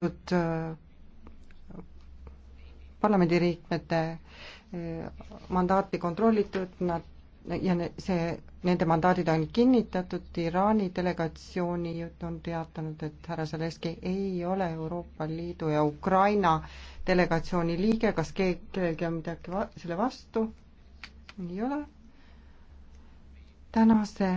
Äh, parlamendiliikmete äh, mandaati kontrollitud, nad ja see, nende mandaadid on kinnitatud, Iraani delegatsiooni juht on teatanud, et härra Zaleski ei ole Euroopa Liidu ja Ukraina delegatsiooni liige, kas keegi, kellelgi on midagi va selle vastu? ei ole. tänase